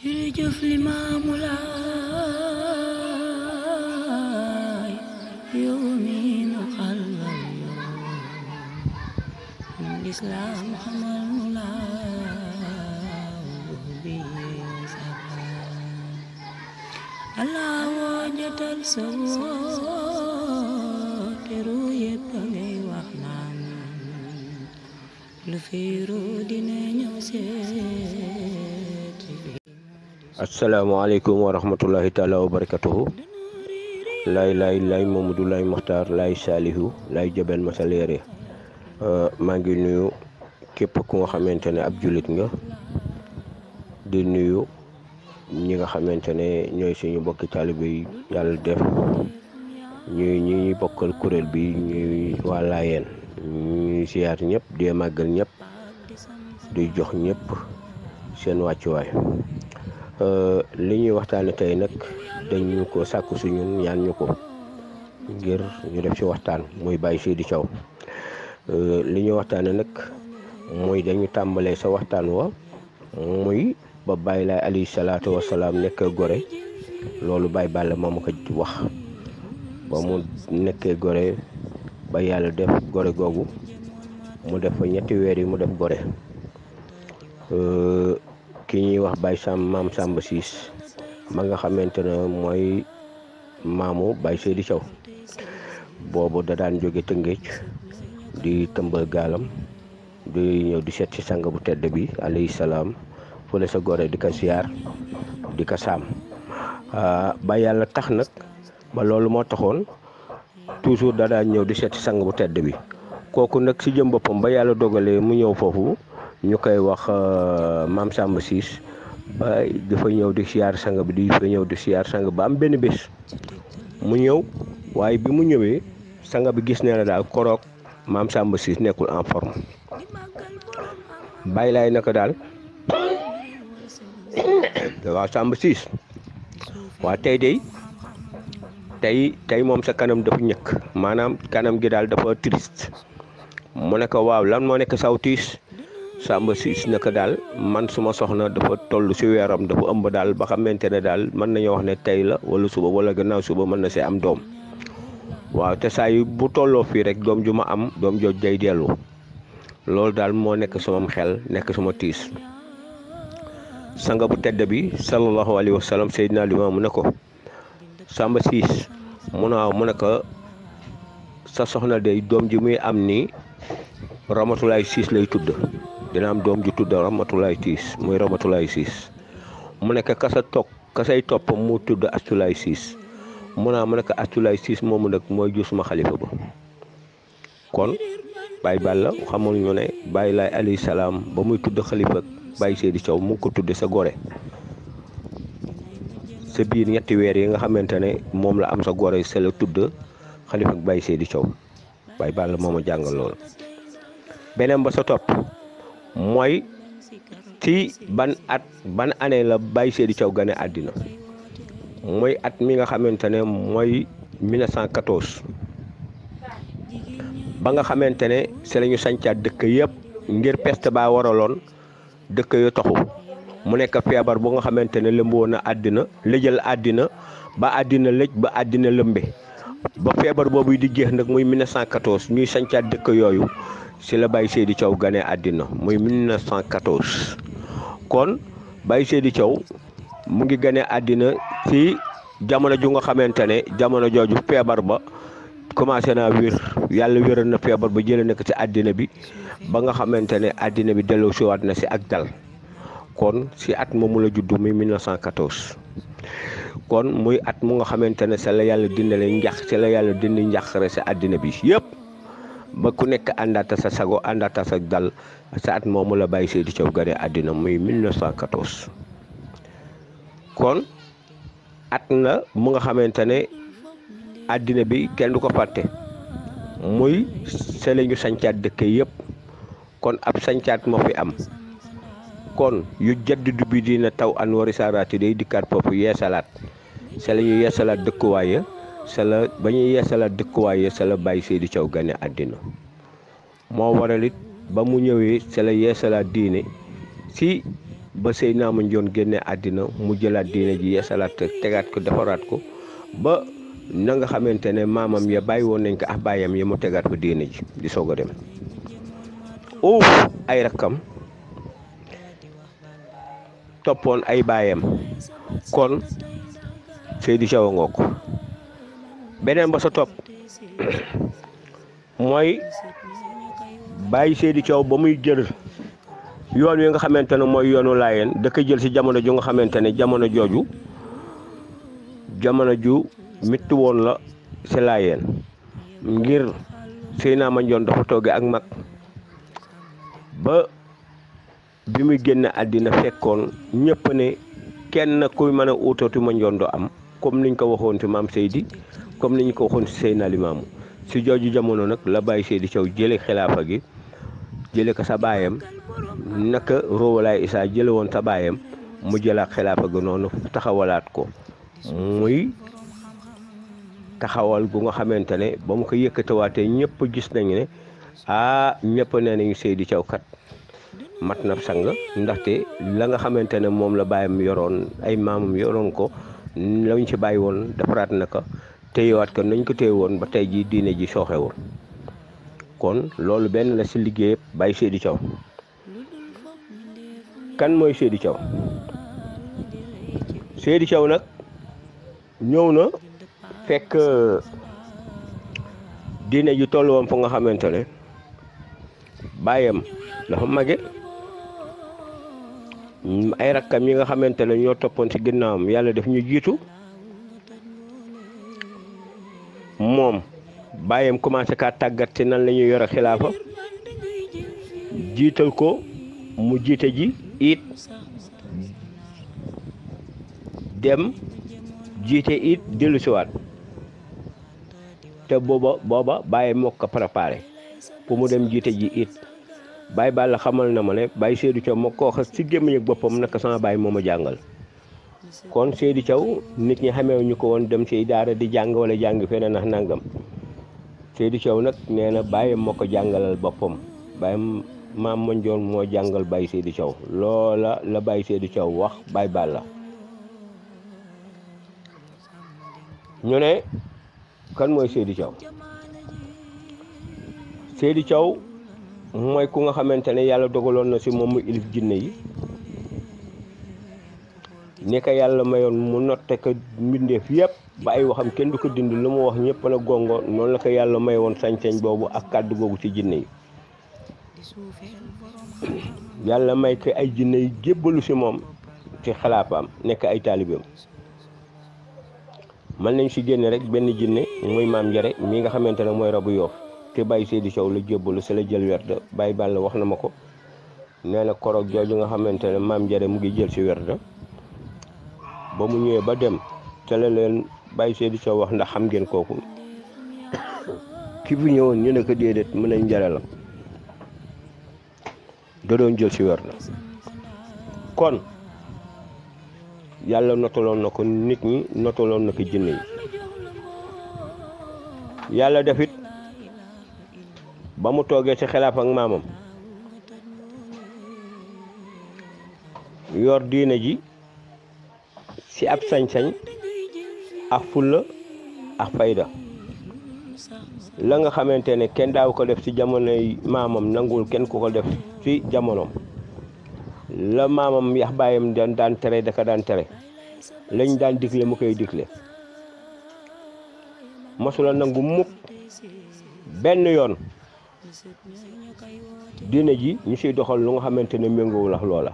jërëjëf Limaamu Laay yow mi nu xalal yow lislaam xamal nu laaw bi saba Allah woo jotal sa woo teru yépp ngay wax naan lu fiiru dina ñëw see asalaamaaleykum wa rahmatullahi taala wa barakatuhu laay laay laay Mamadou laay Maxtaar laay Saalihu laay Jabel Masaleere euh, maa ngi nuyu képp ku nga xamante ne ab jullit nga di nuyu ñi nga xamante ne ñooy suñu bokki taalibe yi yàlla def ñuy ñi bokkal kuréel bi ñuy waa Laayeen ñuy siyaar ñëpp di màggal ñëpp di jox ñëpp seen wàccuwaay Euh, li ñuy waxtaane tey nag dañu ko sàkku si ñun ñaan ñu ko ngir ñu def si waxtaan muy Baye Seydi Thiaw euh, li ñuy waxtaane nag muy dañu tàmbalee sa waxtaan wa muy ba bàyyi lay alayhi salaatu wasalaam nekk gore loolu Baye Balla moo ma ko wax ba mu nekkee gore ba yàlla def gore googu mu def fa ñetti weer yi mu def gore euh, ki ñuy wax Baye Sam maam Samba Siis ma nga xamante ne mooy maamu Baye Seydi Thiaw boobu da daan jóge Tëngéej di tëmbal gaalam di ñëw di seet ci sang bu tedd bi alayhi salaam fële sa gore di ko siyaar di ko saam ah, ba yàlla tax nag ba loolu moo taxoon toujours da daan ñëw di seet ci sang bu tedd bi kooku nag si jëm boppam ba yàlla dogalee mu ñëw foofu ñu koy wax euh, maam Samba Siis dafa ñëw di siyaar sang bi di fa ñëw di siyaar sang ba am benn bés mu ñëw waaye bi mu ñëwee sang bi gis ne na daal koroog maam Samba nekkul en forme bàyyi laay na ko daal waaw Samba Siis waa tey de tey tey moom sa kanam dafa ñëkk maanaam kanam gi daal dafa triste mu ne waaw lan moo nekk saw tiis sàmba Ciss naka daal man suma soxna dafa toll si weeram dafa ëmb daal ba xamante ne daal mën nañoo wax ne tey la wala suba wala gannaaw suba mën na see am doom waaw te saa yi bu tolloo fii rek doom ju ma am doom jooj day dellu loolu daal moo nekk sumam xel nekk suma tiis sanga bu tedd bi sallallahu alayhi wa sallam Seydina Limaamu ne ko Samba siis mu mu ne sa soxna day doom ji muy am nii Ramatulaay siis lay tudd dina am doom ju tudd Ramatulaay Siis muy Ramatulaay Siis mu nekk kasa toog kasay toppam mu tudd Astulaay Siis mu naa mu nekk Astulaay Siis moomu nag mooy jur suma xalifa ba kon Baye Balla xamoon ñu ne Baye Laay alayhi salaam ba muy tudd xalifa Baye Seydi Thiaw mu ngi ko tudd sa gore sa biir ñetti weer yi nga xamante ne moom la am sa gore sa la tudd xalifa Baye Seydi Thiaw Baye Balla moom a jàngal loolu beneen ba sa topp mooy ci ban at ban année la Baye Seydou Thiaw gane àddina mooy at mi nga xamante ne mooy 1914 ba nga xamante ne si la ñu sancaat dëkk yëpp ngir peste baa waraloon dëkk yu taxu mu nekk feebar bu nga xamante ne lëmb na àddina lëjal àddina ba àddina lëj ba àddina lëmbe ba feebar boobu di jeex nag muy 1914 ñuy sancaat dëkk yooyu si la Baye di Thiaw gane àddina muy 1914 kon Baye Seydi Thiaw mu ngi gane àddina si jamono ju nga xamante ne jamono jooju feebar ba commencé naa wér yàlla wéral na feebar ba jëlee nekk ci àddina bi ba nga xamante ne àddina bi delloo siwaat na si ak dal kon si at moomu la juddu muy 1914 kon muy at mu nga xamante ne sa la yàlla dindale njax si la yàlla dindi njaxare si àddina bi yëpp ba ku nekk àndaata sa sago àndaata sa dal sa at moomu la bàyyi Seydou Thiaw gane àddina muy 1914 kon at na mu nga xamante ne àddina bi kenn du ko fàtte muy se la ñu sancaat dëkk yëpp kon ab sancaat moo fi am kon yu du bi dina taw an wari saaraati day dikkaat foofu yeesalaat se la ñu yeesalaat dëkkuwaay ya sala ba ñuy yeesala dëkkuwaay ya sala bàyyi Seydou Thiaw gane àddina moo waral ba mu ñëwee sala yeesalaat diine si ba naa Seydina Mandione génne àddina mu jëlaat diine ji yeesalaat tegaat ko deforaat ko ba na nga xamante ne maamam ya bàyyi woon nañ ko ak baayam ya mu tegaat ko diine ji di soog a dem uuf ay rakkam toppoon ay baayam kon Seydou Thiaw a ngoog beneen ba sa topp mooy bàyyi seedi coow ba muy jël yoon wi nga xamante ne mooy yoonu laayeen da jël si jamono ju nga xamante ne jamono jooju jamono ju métti woon la si laayeen ngir sëy naa ma njoon dafa tooge ak mag ba bi muy génne àddina fekkoon ñëpp ne kenn kuy mën a uutatu ma njoon do am comme niñ ko waxoon ci maam Seydi comme ni ñu ko waxoon si Seydina si jooju jamono nag la bàyyi di caw jële xilaafa gi jële ko sa baayam nag roowalaay Isaa jële woon sa baayam mu jëlaat xilaafa gi noonu taxawalaat ko muy taxawal gu nga xamante ne ba mu ko ñëpp gis nañu ne ah ñëpp nee nañu Seydi Thiaw kat mat na sang ndaxte la nga xamante ne moom la baayam yoroon ay maamam yoroon ko lañ ci bàyyi woon defaraat na ko téyewaat ko nañ ko téye woon ba tey ji diine ji sooxewul kon loolu benn la si liggéey bay Seydi Thiaw kan mooy Seydi caw Seydi Thiaw nag ñëw na fekk diine ji toll woon nga xamante ne bàyyam dafa mage ay rakkam yi nga xamante ne ñoo toppoon si ginnaawam yàlla def ñu jiitu moom bàyyam commencé kaa tàggat ci nan la ñuy a xilaafa jiital ko mu jiite ji it dem jiite it dellusiwaat te booba booba bàyyi moo ko préparé pour mu dem jiite ji it bàyyi bàlla xamal na ma ne bàyyi seedu ca moo ko wax si gémmiñ ak boppam naka sama bàyyi moo ma jàngal kon Seydou caw nit ñi xamee ñu ko woon dem ci daara di jàng wala jàng feneen ak nangam Seydou Thiaw nag nee na bàyyi moo ko jàngalal boppam bàyyam maam Mandione moo jàngal Baye Seydou caw loola la Baye Seydou caw wax Baye Balla ñu ne kan mooy Seydou caw Seydou Thiaw mooy ku nga xamante ne yàlla dogaloon na si moom mu ilif jinne yi ni ko yàlla mayoon mu notte ko mbindeef yëpp ba ay waxam kenn du ko dindi lu mu wax ñëpp na gongo noonu la ko yàlla may woon sañ-sañ boobu ak kàddu googu ci jinne yi yàlla may ko ay jinne yi jébbalu si moom ci xalaapaam nekk ay taalibeem mën nañ ci génne rek benn jinne muy maam njare mi nga xamante ne mooy rabu yoof te bàyyi Seydi Sow la jébbalu si la jël werd bàyyi bàll wax na ma ko nee na koroog jooju nga xamante ne maam njare mu ngi jël ci werd ba mu ñëwee ba dem te la leen bàyyi Seydou wax ndax xam ngeen kooku ki fi ñëwoon ñu ne ko déedéet mën nañ njëriñ la da doon jël si weer la kon yàlla notaloon na ko nit ñi notaloon na ko jinne yi yàlla defit ba mu toogee ci xelaaf ak maamam yor diine ji ci ab sañ-sañ ak fulla la nga xamante ne kenn daaw ko def ci jamonoy maamam nangul kenn ko ko def ci jamonoom la maamam yax bàyyam daan daan tere daka daan tere lañ daan digle mu koy digle mosula nangu mukk benn yoon diine ji ñu siy doxal lu nga xamante ne méngoowul loola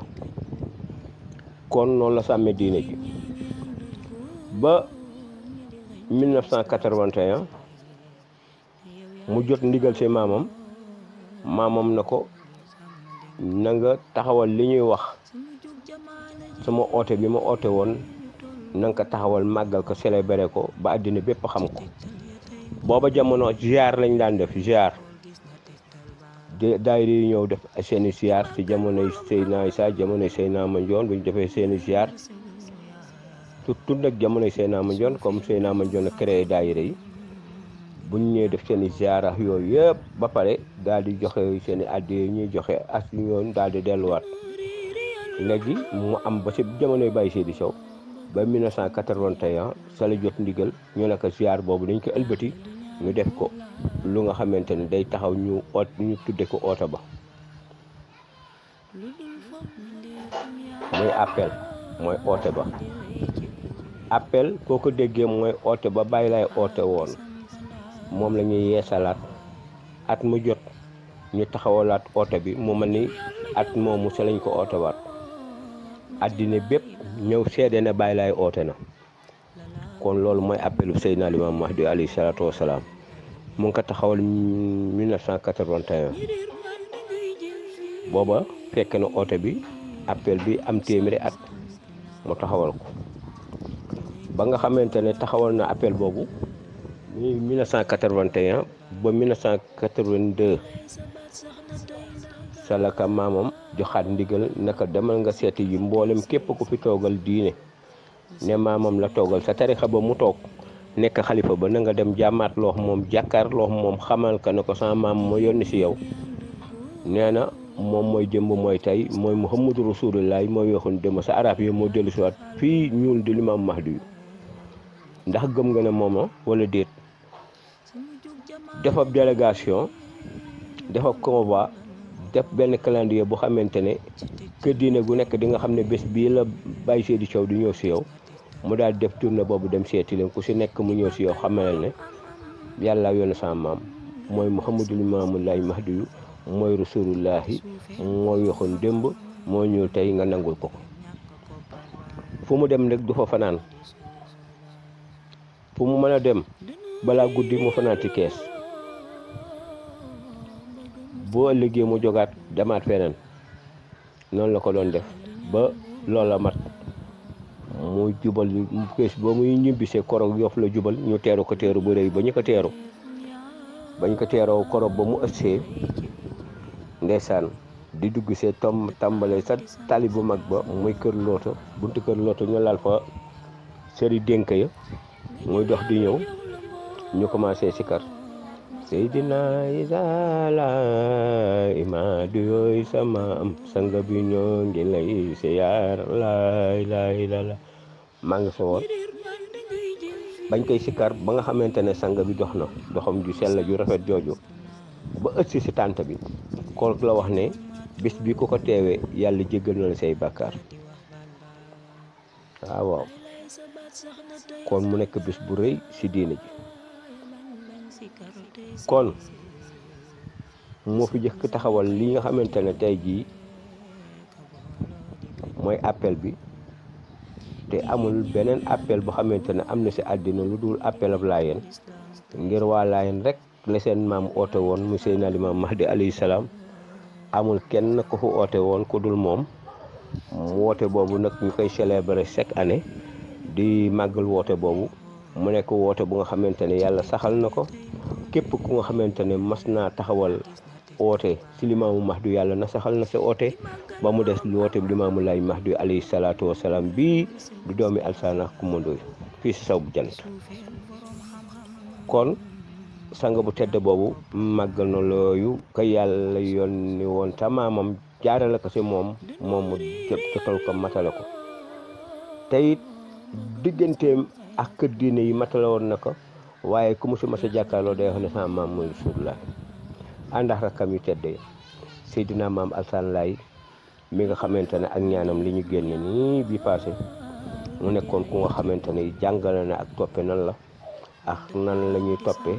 kon noonu la sàmmee diine ji ba 1981 mu jot ndigal ci maamam maamam na ko na nga taxawal li ñuy wax sama oote bi ma oote woon na ko taxawal màggal ko célébrer ko ba àddina bépp xam ko booba jamono ziar lañ daan def ziar daayira yi ñëw def seeni ziar ci jamonoy Seydina Issa jamonoy Seydina Mandione bu ñu defee seeni ziar surtout nag jamono Seydina Mandione comme Seydina Mandione créé daayira yi buñ ñëwee def seen i ziara yooyu yëpp ba pare daal di joxe seeni i addi yi ñuy joxe as yoon daal di delluwaat léegi mu am ba si jamonoy Baye Seydi Sow ba 1981 sa la jot ndigal ñu ne ko boobu nañ ko ëlbati ñu def ko lu nga xamante ne day taxaw ñu oot tudde ko oota ba muy appel mooy oote ba apel boo ko déggee mooy oote ba bàyyi lay oote woon moom la ñuy yeesalaat at mu jot ñu taxawalaat oote bi mu mel ni at moomu sa lañ ko oote waat addina bépp ñëw seede na bàyyi lay oote na kon loolu mooy appelu Seydina Limaamu Mahdi alayhi salaatu wasalaam mu ngi ko taxawal booba fekk na oote bi appel bi am téeméeri at mu taxawal ko ba nga xamante ne taxawal na appel boobu muy 1981 ba sa 1982 salaka maamam joxaat ndigal naka demal nga seeti yi mboolem képp ku fi toogal diine ne maamam la toogal sa tarixa ba mu toog nekk xalifa ba na nga dem jàmmaat loox moom jàkkaar loox moom xamal ka ne ko sama maam ma yónni si yow nee na moom mooy jëmb mooy tey mooy Muhammadu Rasulullah mooy waxoon dem sa arab yi moo dellu si waat fii ñuul di limaam Mahdi ndax gëm nga ne moom la wala déet defab délégation defab def benn calendrier bu xamante ne kër diine gu nekk di nga xam ne bés bii la bàyyi seedi coow di ñëw si yow mu daal def na boobu dem seeti ku si nekk mu ñëw si yow xamal ne yàlla yoon sa maam mooy muhammadul maamullahi mahdiyu mooy rasulullahi moo yoxoon démb moo ñëw tey nga nangul ko ko fu mu dem rek du fa fanaan fu mu mën a dem balaa guddi mu fanaan ci kees boo ëllëgee mu jogaat demaat feneen noonu la ko doon def ba loola mat mu jubal kees ba muy ñibbisee korog Yoff la jubal ñu teeru ko teeru bu ba ñu ko teeru bañ ko teeroo korog ba mu ëssee ndeysaan di dugg see tom tàmbale sa tali bu mag ba muy kër looto buntu kër looto ñu lal fa sëri muy dox di ñëw ñu commencé sikar Seydina Isa laa imaadu yooyu sama am sanga bi ñoo ngi lay siyaar laa ilaaha illallaah maa ngi fa woon bañ koy sikar ba nga xamante ne sang bi jox na doxam ju sell ju rafet jooju ba ëtsi si tànt bi kook la wax ne bis bi ko ko teewee yàlla jéggal na la say bàkkaar waaw waaw kon mu nekk bis bu rëy si diine ji kon moo fi jëkk taxawal li nga xamante ne tey jii mooy appel bi te amul beneen appel bu xamante ne am na si àddina lu dul appel ab laayeen ngir waa laayeen rek la seen maam oote woon mu Seydina Limaam Mahdi alayhi salaam amul kenn ku fu oote woon ku dul moom mu woote boobu nag ñu koy célébrer chaque année di màggal woote boobu mu nekk woote bu nga xamante ne yàlla saxal na ko képp ku nga xamante ne mas naa taxawal oote si limaamu Mahdi yàlla na saxal na si oote ba mu des woote limaamu lay Mahdi alayhi salaatu wasalaam bii du doomi alsana kumandooy fii si saw bu jant kon sanga bu tedd boobu màggal na looyu ka yàlla yónni woon tamaamam jaarale ko si moom moom mu jotal ko matale ko te digganteem ak kër diine yi matala woon na ko waaye ku mu si mas a jàkkaarloo day ne sama maam mooy Rasulullah ànd ak rakkam yu tedde Seydina maam Alsaan Laay mi nga xamante ne ak ñaanam li ñu génn nii bi passé mu nekkoon ku nga xamante ne jàngale na ak toppe nan la ak nan la ñuy toppe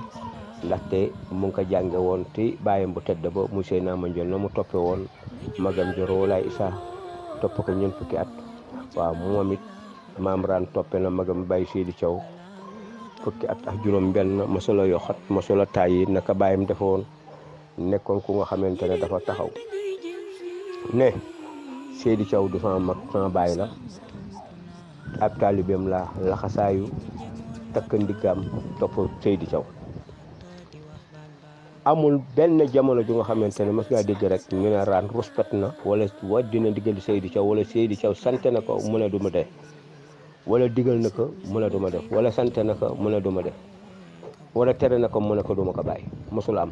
ndaxte mu ngi ko jànge woon ci bàyyam bu tedd ba mu Seydina Mandione na mu toppe woon magam jorowolaay Isa topp ko ñeent fukki at waaw moom it maam raan toppe na magam bàyyi Seydi Thiaw fukki at ak juróom benn mosula yoxat mosula tàyyi naka mu defoon nekkoon ku nga xamante ne dafa taxaw ne Seydi caw du sama mag sama baay la ab taalibeem la laxasaayu takk ndiggaam topp Seydi Thiaw amul benn jamono ju nga xamante ne mos ngaa dégg rek ñu ne raan ruspet na wala wa dina diggal Seydi caw wala Seydi caw sant na ko mu ne du mu dee wala digal na ko mu ne du def wala sant na ko mu ne du def wala tere na ko mu ne ko du ko bàyyi mosul am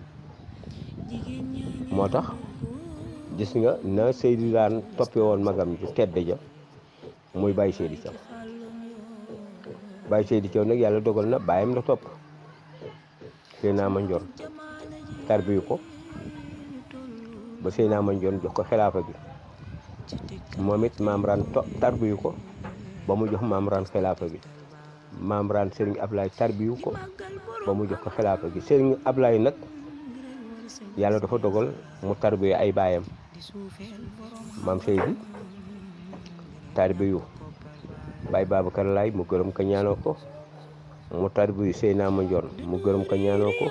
moo tax gis nga na Seydi daan toppee woon magam ju tedd ja muy Baye Seydi Thiaw Baye Seydi Thiaw nag yàlla dogal na bàyyam la topp sëy naa ma njoon tarbiyu ko ba sëy naa ma njoon jox ko xilaafa bi moom it maam ran tarbiyu ko ba mu jox maam raan xilaafa gi maam raan sëriñ Ablaye tarbiyu ko ba mu jox ko xilaafa gi sëriñ Ablaye nag yàlla dafa dogal mu tarbiyu ay baayam maam Seydi tarbiyu Baye Babacar lay mu gërëm ka ñaanoo ko mu tarbiyu Seyna Mandione mu gërëm ko ñaanoo ko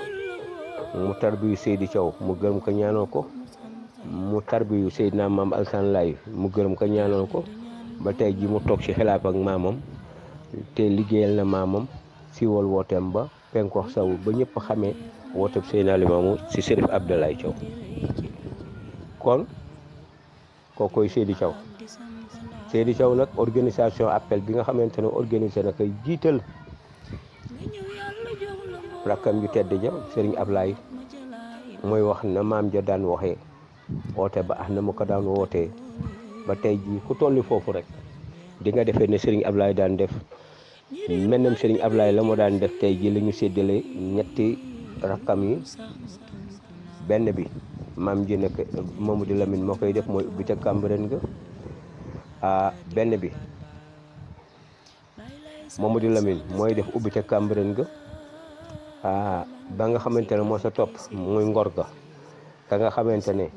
mu tarbiyu Seydi Thiaw mu gërëm ko ñaanoo ko mu tarbiyu Seydina maam Alsaan Laay mu gërëm ko ñaanoo ko ba tey ji mu toog ci xilaaf ak maamam te liggéeyal na maamam siiwal wooteem ba penkox sawu ba ñëpp xamee wooteeb Seydina naa ci Cherif Abdoulaye Thiaw kon kookoy Seydi Thiaw Seydi Thiaw nag organisation appel bi nga xamante ne organisé na koy jiital rakkam yu tedd ja Serigne Ablaye mooy wax na maam ja daan waxee woote ba ax na mu ko daan wootee ba tey jii ku tolli foofu rek di nga defee ne Serigne Ablaye daan def mennam Serigne Ablaye la moo daan def tey jii lañu ñu séddale ñetti rakkam yi benn bi maam ji nekk Mamadou Lamine moo koy def mooy ubbi ca Cambérène ga a ah, benn bi Mamadou Lamine mooy def ubbi ca Cambérène ga a ah, ba nga xamante ne moo sa topp muy ngor ga ka nga xamante ne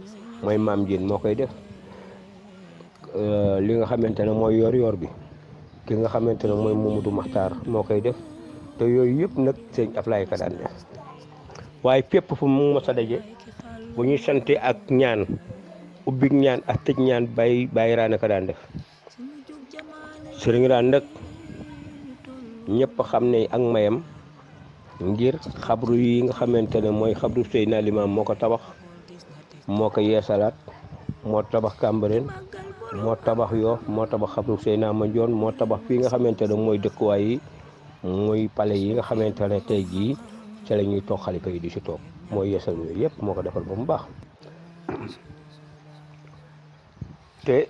mooy maam jin moo koy def Euh, li nga xamante ne mooy yor-yor bi ki nga xamante ne mooy Mamadou Makhtar moo koy def te yooyu yëpp nag sëñ Ablaye ka daan def waaye fépp fu mu mos a daje bu ñuy sante ak ñaan ubbik ñaan ak tëj ñaan bay bàyyi raane ka daan def sëriñ daan nag ñëpp xam ne ak mayam ngir xabru yi nga xamante ne mooy xabru Seydina Limaam moo ko tabax moo ko yeesalaat moo tabax Cambérène moo tabax Yoff moo tabax xabru ma Mandione moo tabax fii nga xamante ne mooy dëkkuwaay yi muy palais yi nga xamante ne tey jii ca la ñuy toog xalifa di si toog mooy yeesal yooyu yëpp moo ko defal ba mu baax te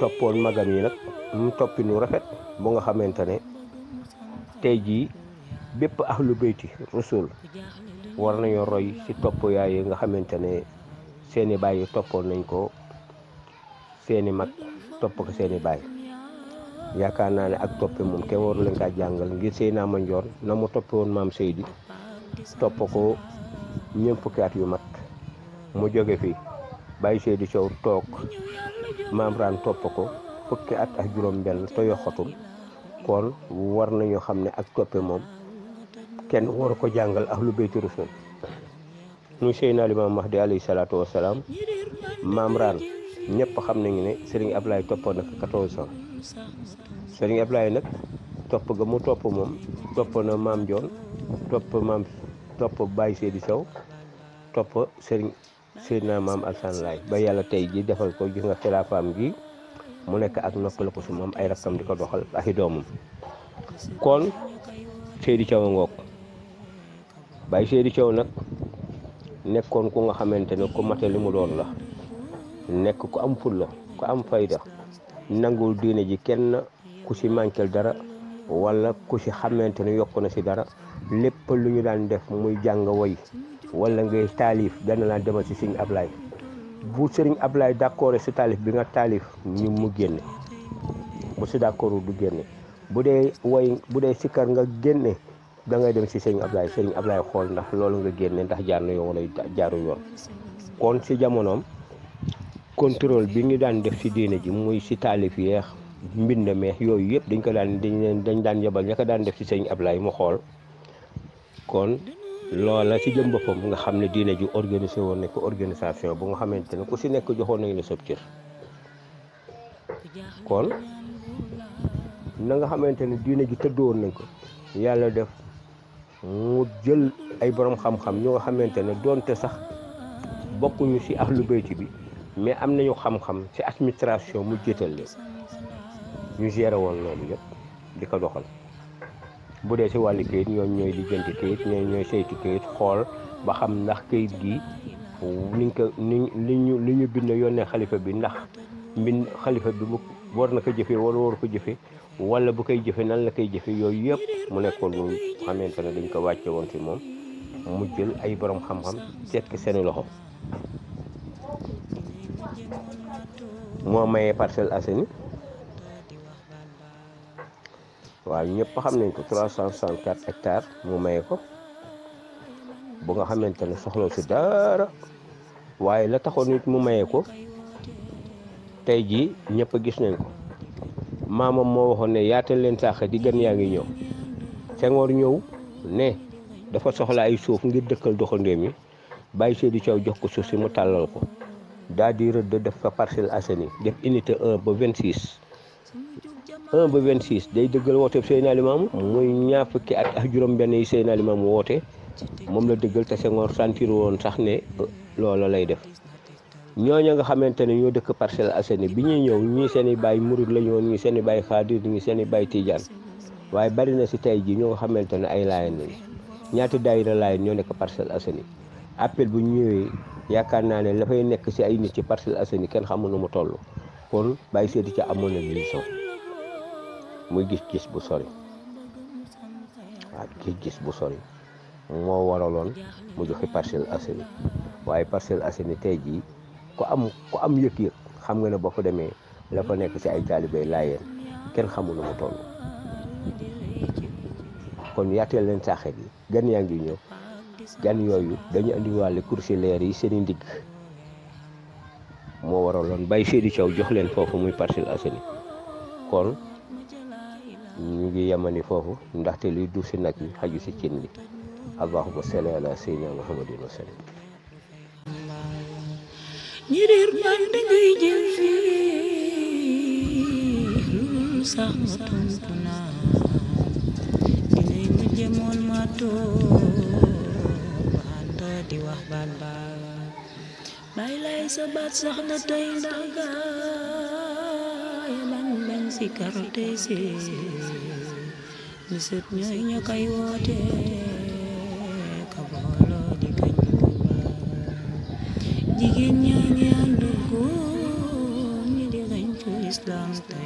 toppoon magam yi nag mu toppinu rafet bu nga xamante ne tey jii bépp ahlu bayti rasul war nañoo roy si topp yaay yi nga xamante ne seeni bàyyi toppoon nañ ko seeni mag topp ko seeni baay yaakaar naa ne ak toppe moom kenn waru lañ kaa jàngal ngir sëy naa ma njoon na mu toppe woon maam Seydi topp ko fukki at yu mag mu jóge fi bàyyi Seydi Sow toog maam raan topp ko fukki at ak juróom benn te yoxatul kon war nañu xam ne ak toppe moom kenn waru ko jàngal ak lu béytu rasul muy sëy naa limaam Mahdi alayhi salaatu wasalaam maam raan ñëpp xam ngi ne Serigne Ablaye toppoon nag ko 14 ans Serigne Ablaye nag topp ga mu topp moom topp na maam joon topp maam topp Baye Seydi Sow topp Serigne Seydina maam Alsaan Laay ba yàlla tey ji defal ko gis nga xilaafaam gi mu nekk ak noppale ko su moom ay rakkam di ko doxal ak i doomam kon Seydi Sow ngoog Baye Seydi Sow nag nekkoon ku nga xamante ne ku mate li mu doon la nekk ku am fulla ku am fayda nanguwul diine ji kenn ku ci manquel dara wala ku ci xamante ne yokk na ci dara lépp lu ñu daan def muy jàng woy wala ngay taalif dana laa demal ci sëriñ Ablaay bu sëriñ Ablaay d'accord si taalif bi nga taalif ñu mu génne bu ci d'accord du génne bu dee woy bu dee si kar nga génne dangay ngay dem ci sëriñ Ablaay sëriñ Ablaay xool ndax loolu nga génne ndax jaar na yoon wala kon ci jamonoom contrôle bi ñu daan def si diine ji muy si taalif yeex mbind meex yooyu yëpp dañ ko daan dañ dañ daan yebal ña ko daan def si sëñ Ablaye mu xool kon loola si jëm boppam nga xam ne diine ji organisé woon na ko organisation bu nga xamante ne ku si nekk joxoon nañu la sob cër kon na nga xamante ne diine ji nañ yàlla def mu jël ay boroom xam-xam ñoo xamante ne doonte sax bokkuñu si ahlu bayti bi mais am nañu xam-xam ci administration mu jiital ñu géré woon loolu yëpp di ko doxal bu dee ci wàll kayit ñoom ñooy lijjanti kayit ñooy ñooy saytu kayit xool ba xam ndax kayit gi niñ ko niñ li ñu li ñu bind xalifa bi ndax mbind xalifa bi mu war na ko jëfee wala war ko jëfe wala bu koy jëfe nan la koy jëfe yooyu yëpp mu nekkoon lu xamante ne dañ ko wàcce woon ci moom mu jël ay borom xam-xam seet ko seeni loxo moo mayee Parcelles Assainies waaw ñëpp xam nañ ko 364 hectares mu maye ko bu nga xamante ne soxla si dara waaye la taxoon nit mu maye ko tey jii ñëpp gis nañ ko maamam moo waxoon ne yaatal leen sàq di gën yaa ngi ñëw Senghor ñëw ne dafa soxla ay suuf ngir dëkkal doxandéem yi bàyyi Seydou Thiaw jox ko suuf si mu tàllal ko daal di rëdd def fa Parcelles Assainies def unité 1 ba 26 1 ba vingt 26 day dëggal woote Seydina Limaamu muy ñaar fukki at ak juróom-benn yi Seydina Limaamu woote moom la dëggal te Senghor sentir woon sax ne euh, loola lay def ñoo ñooñu nga xamante ne ñoo dëkk Parcelles Assainies bi ñuy ñëw ñii seen i baay murid la ñoon ñii seen i baay xaadir ñii seen i baay tijaan waaye bari na si tey jii ñoo nga xamante ne ay laayeen lañu ñaata daayira laayeen ñoo nekk Parcelles Assainies appel bu ñëwee yaakaar naa ne dafay nekk ci ay nit ci Parcelles Assainies kenn xamul nu mu toll kon bàyyi seeti ci amoon na vision muy gis-gis bu sori waaw gis-gis bu sori moo waraloon mu joxe Parcelles Assainies waaye Parcelles Assainies tey jii ko am ku am yëg-yëg xam nga ne boo fa demee la fa nekk si ay taalibey laayeen kenn xamul nu mu toll kon yaateel leen saaxet yi gan yaa ngi ñëw gan yooyu dañu indiwaale coursilaires yi seeni i ndigg moo waraloon bàyyi Seydou Thiaw jox leen foofu muy Parcelles Assainies kon ñu ngi yamani foofu ndaxte luy duuf si nag yi xaju si cin li allahumma salli ala sayyidina muhammadin wa sallam ñi réer man dangay jël fii ta di wax baat baat may lay sa baat sax na tey ndax gaay man bañ si karte si misët ñooy ña koy woote ka booloo di kañ jigéen ñaa ñi ànd ñi di xañ islam te